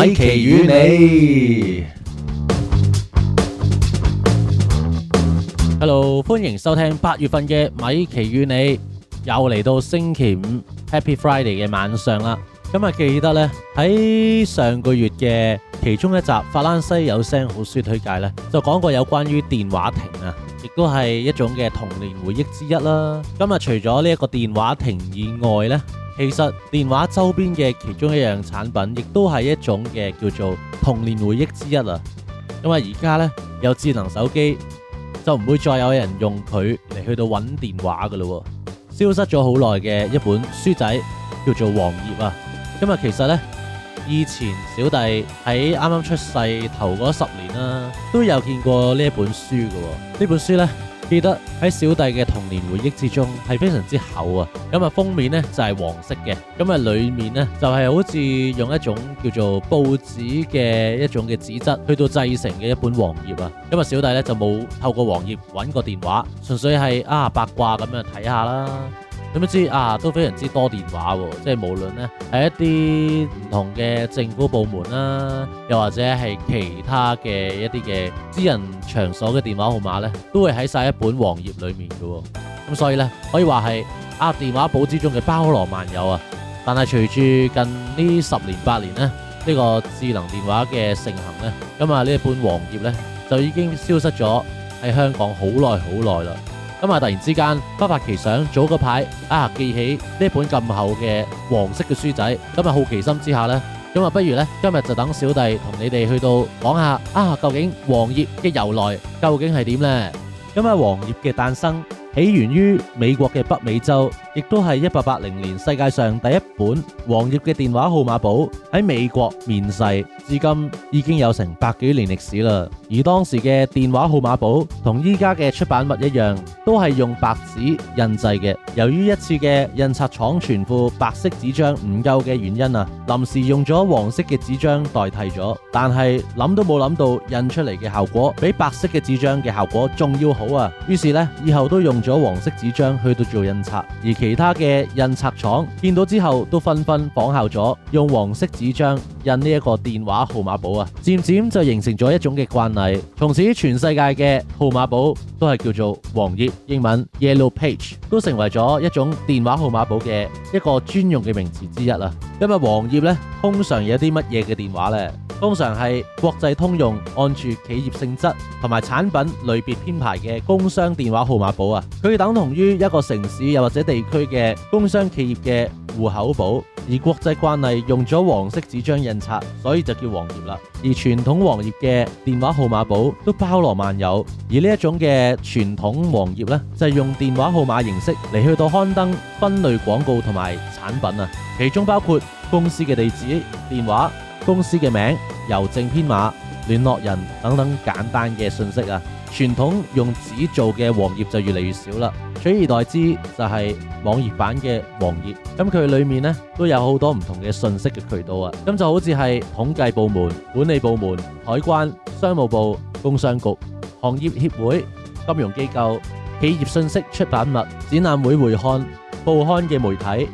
米奇與你，Hello，歡迎收聽八月份嘅米奇與你，又嚟到星期五 Happy Friday 嘅晚上啦。今日記得呢，喺上個月嘅其中一集《法蘭西有聲好書推介》呢，就講過有關於電話亭啊，亦都係一種嘅童年回憶之一啦。今日除咗呢一個電話亭以外呢。其實電話周邊嘅其中一樣產品，亦都係一種嘅叫做童年回憶之一啊！因為而家呢，有智能手機，就唔會再有人用佢嚟去到揾電話噶啦。消失咗好耐嘅一本書仔，叫做《黃頁》啊！因為其實呢，以前小弟喺啱啱出世頭嗰十年啦，都有見過呢一本書噶。呢本書呢。記得喺小弟嘅童年回憶之中係非常之厚啊！咁啊封面呢就係黃色嘅，咁啊裏面呢就係好似用一種叫做報紙嘅一種嘅紙質去到製成嘅一本黃頁啊！咁啊小弟呢就冇透過黃頁揾過電話，純粹係啊八卦咁樣睇下啦。點不知啊，都非常之多電話喎，即係無論呢，係一啲唔同嘅政府部門啦，又或者係其他嘅一啲嘅私人場所嘅電話號碼呢，都會喺晒一本黃頁裏面嘅，咁所以呢，可以話係啊電話簿之中嘅包羅萬有啊，但係隨住近呢十年八年呢，呢個智能電話嘅盛行呢，咁啊呢本黃頁呢，就已經消失咗喺香港好耐好耐啦。今日突然之間不發奇想，早嗰排啊，記起呢本咁厚嘅黃色嘅書仔，今日好奇心之下呢，咁啊不如呢今日就等小弟同你哋去到講下啊，究竟黃頁嘅由來究竟係點呢？今日黃頁嘅誕生起源於美國嘅北美洲。亦都係一八八零年世界上第一本黃頁嘅電話號碼簿喺美國面世，至今已經有成百幾年歷史啦。而當時嘅電話號碼簿同依家嘅出版物一樣，都係用白紙印製嘅。由於一次嘅印刷廠存庫白色紙張唔夠嘅原因啊，臨時用咗黃色嘅紙張代替咗。但係諗都冇諗到印出嚟嘅效果比白色嘅紙張嘅效果仲要好啊。於是呢，以後都用咗黃色紙張去到做印刷。其他嘅印刷廠見到之後，都紛紛仿效咗，用黃色紙張印呢一個電話號碼簿啊，漸漸就形成咗一種嘅慣例。從此，全世界嘅號碼簿都係叫做黃頁，英文 Yellow Page，都成為咗一種電話號碼簿嘅一個專用嘅名詞之一啊，因為黃頁呢，通常有啲乜嘢嘅電話呢？通常係國際通用按住企業性質同埋產品類別編排嘅工商電話號碼簿啊，佢等同於一個城市又或者地區嘅工商企業嘅戶口簿,而國際慣例用咗黃色紙張印刷，所以就叫黃頁啦。而傳統黃頁嘅電話號碼簿都包羅萬有，而呢一種嘅傳統黃頁呢，就係用電話號碼形式嚟，去到刊登分類廣告同埋產品啊，其中包括公司嘅地址、電話、公司嘅名。郵政編碼、聯絡人等等簡單嘅信息啊。傳統用紙做嘅黃頁就越嚟越少啦，取而代之就係、是、網頁版嘅黃頁。咁佢裏面呢，都有好多唔同嘅信息嘅渠道啊。咁就好似係統計部門、管理部門、海關、商務部、工商局、行業協會、金融機構、企業信息出版物、punto, 展覽會會刊報刊嘅媒體，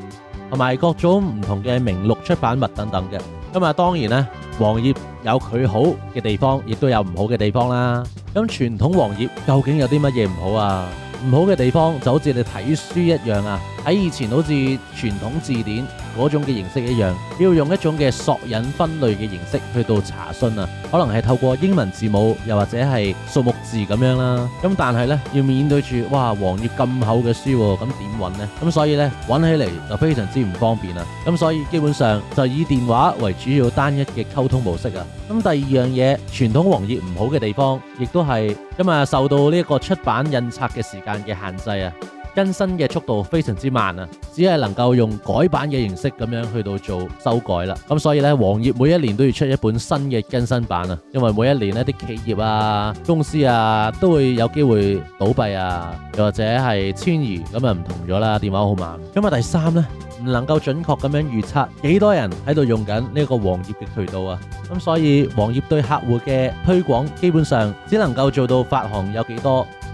同埋各種唔同嘅名錄出版物等等嘅。咁啊，當然咧。黃頁有佢好嘅地方，亦都有唔好嘅地方啦。咁傳統黃頁究竟有啲乜嘢唔好啊？唔好嘅地方就好似你睇書一樣啊。喺以前好似傳統字典嗰種嘅形式一樣，要用一種嘅索引分類嘅形式去到查詢啊，可能係透過英文字母又或者係數目字咁樣啦。咁但係呢，要面對住哇黃頁咁厚嘅書，咁點揾呢？咁所以呢，揾起嚟就非常之唔方便啊。咁所以基本上就以電話為主要單一嘅溝通模式啊。咁第二樣嘢，傳統黃頁唔好嘅地方，亦都係咁啊，受到呢一個出版印刷嘅時間嘅限制啊。更新嘅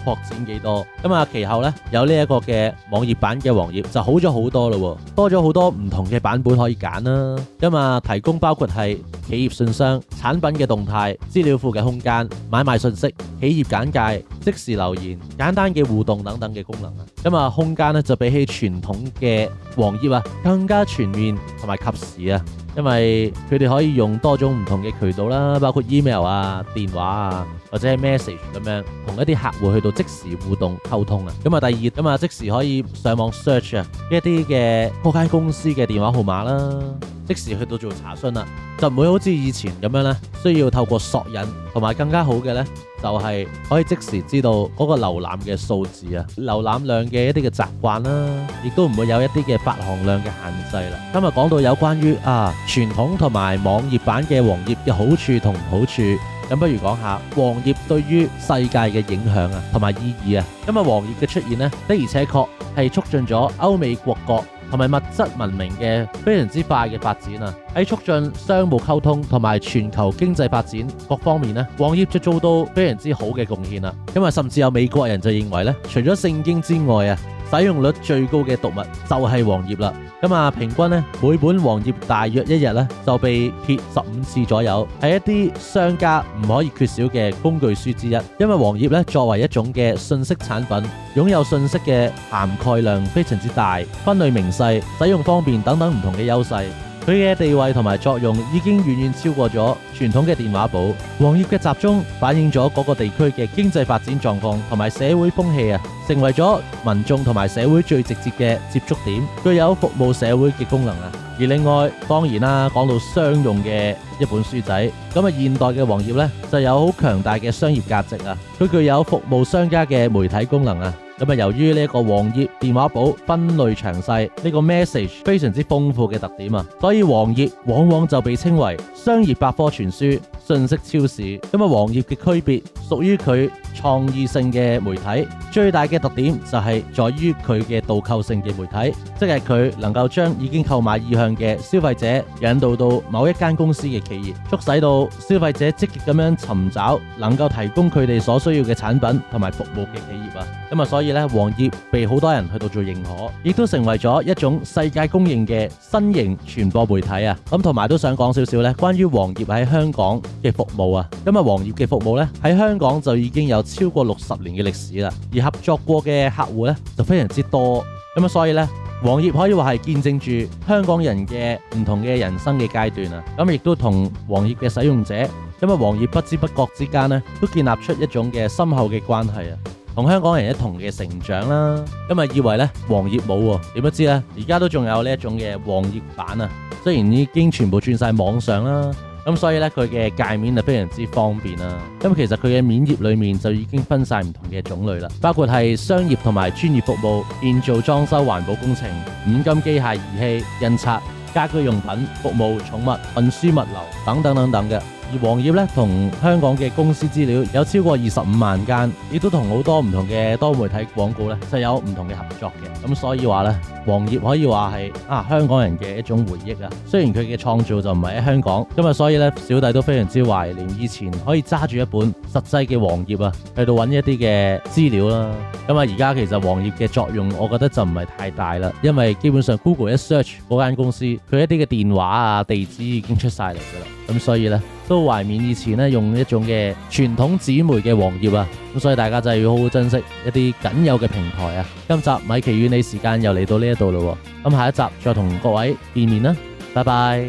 擴展幾多？咁啊，其後呢，有呢一個嘅網頁版嘅黃頁就好咗好多咯、啊，多咗好多唔同嘅版本可以揀啦、啊。咁啊，提供包括係企業信箱、產品嘅動態、資料庫嘅空間、買賣信息、企業簡介、即時留言、簡單嘅互動等等嘅功能啊。咁啊，空間呢，就比起傳統嘅黃頁啊更加全面同埋及時啊。因為佢哋可以用多種唔同嘅渠道啦，包括 email 啊、電話啊，或者係 message 咁樣，同一啲客戶去到即時互動溝通啊。咁啊，第二咁啊，即時可以上網 search 啊一啲嘅鋪街公司嘅電話號碼啦、啊。即時去到做查詢啦，就唔會好似以前咁樣咧，需要透過索引，同埋更加好嘅咧，就係可以即時知道嗰個瀏覽嘅數字啊，瀏覽量嘅一啲嘅習慣啦，亦都唔會有一啲嘅發行量嘅限制啦。今日講到有關於啊傳統同埋網頁版嘅黃頁嘅好處同唔好處，咁不如講下黃頁對於世界嘅影響啊同埋意義啊。今日黃頁嘅出現呢，的而且確係促進咗歐美國國。同埋物質文明嘅非常之快嘅發展啊，喺促進商務溝通同埋全球經濟發展各方面呢，黃頁就做到非常之好嘅貢獻啦。因為甚至有美國人就認為呢，除咗聖經之外啊。使用率最高嘅讀物就係黃頁啦，咁啊，平均呢，每本黃頁大約一日呢就被揭十五次左右，係一啲商家唔可以缺少嘅工具書之一。因為黃頁呢，作為一種嘅信息產品，擁有信息嘅涵蓋量非常之大，分類明細、使用方便等等唔同嘅優勢。佢嘅地位同埋作用已經遠遠超過咗傳統嘅電話簿。黃頁嘅集中反映咗嗰個地區嘅經濟發展狀況同埋社會風氣啊，成為咗民眾同埋社會最直接嘅接觸點，具有服務社會嘅功能啊。而另外，當然啦，講到商用嘅一本書仔，咁啊，現代嘅黃頁呢就有好強大嘅商業價值啊，佢具有服務商家嘅媒體功能啊。由於呢個黃頁電話簿分類詳細，呢、這個 message 非常之豐富嘅特點啊，所以黃頁往往就被稱為商業百科全書。信息超市咁啊，黃頁嘅區別屬於佢創意性嘅媒體，最大嘅特點就係在於佢嘅導購性嘅媒體，即係佢能夠將已經購買意向嘅消費者引導到某一間公司嘅企業，促使到消費者積極咁樣尋找能夠提供佢哋所需要嘅產品同埋服務嘅企業啊。咁啊，所以咧，黃頁被好多人去到做認可，亦都成為咗一種世界公認嘅新型傳播媒體啊。咁同埋都想講少少咧，關於黃頁喺香港嘅服務啊，因、嗯、啊，黃頁嘅服務咧喺香港就已經有超過六十年嘅歷史啦，而合作過嘅客戶咧就非常之多，咁、嗯、啊，所以咧黃頁可以話係見證住香港人嘅唔同嘅人生嘅階段啊，咁、嗯、亦都同黃頁嘅使用者，因為黃頁不知不覺之間呢，都建立出一種嘅深厚嘅關係啊，同香港人一同嘅成長啦，咁、嗯、啊、嗯，以為咧黃頁冇喎，點、啊、不知咧，而家都仲有呢一種嘅黃頁版啊，雖然已經全部轉晒網上啦。咁所以呢，佢嘅界面就非常之方便啦、啊。咁、嗯、其實佢嘅面頁裏面就已經分晒唔同嘅種類啦，包括係商業同埋專業服務、建造裝修、環保工程、五金機械儀器、印刷、家居用品、服務、寵物、運輸物流等等等等嘅。而黃頁咧，同香港嘅公司資料有超過二十五萬間，亦都同好多唔同嘅多媒體廣告咧就有唔同嘅合作嘅。咁所以話呢黃頁可以話係啊香港人嘅一種回憶啊。雖然佢嘅創造就唔係喺香港，咁、嗯、啊，所以呢，小弟都非常之懷念以前可以揸住一本。實際嘅黃頁啊，去到揾一啲嘅資料啦。咁啊，而家其實黃頁嘅作用，我覺得就唔係太大啦，因為基本上 Google 一 search 嗰間公司，佢一啲嘅電話啊、地址已經出晒嚟噶啦。咁、啊、所以呢，都懷念以前呢用一種嘅傳統紙媒嘅黃頁啊。咁、啊、所以大家就要好好珍惜一啲僅有嘅平台啊。今集米奇與你時間又嚟到呢一度咯。咁、啊、下一集再同各位見面啦。拜拜，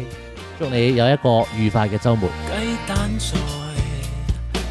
祝你有一個愉快嘅週末。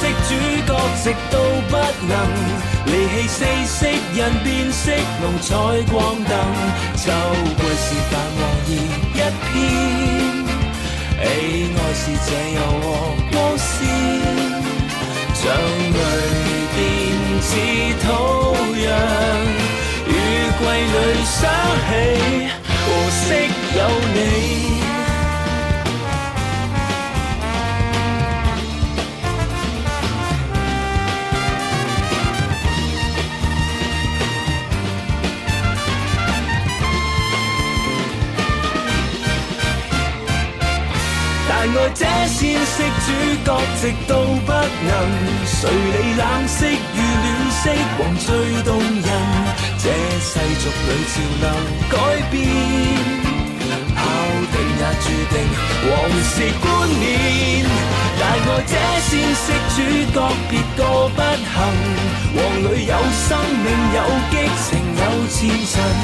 色主角直到不能離棄四色人變色龍彩光燈，就為是但忘而一片，喜愛是這柔和光線，像。大愛這鮮色主角，直到不能，誰理冷色與暖色，黃最動人。這世俗裡潮流改變，拋定也注定黃是冠冕。大愛這鮮色主角，別個不行，黃裏有生命，有激情，有現實。